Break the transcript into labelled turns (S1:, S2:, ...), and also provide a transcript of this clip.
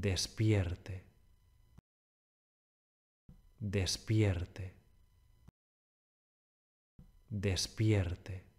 S1: despierte, despierte,
S2: despierte.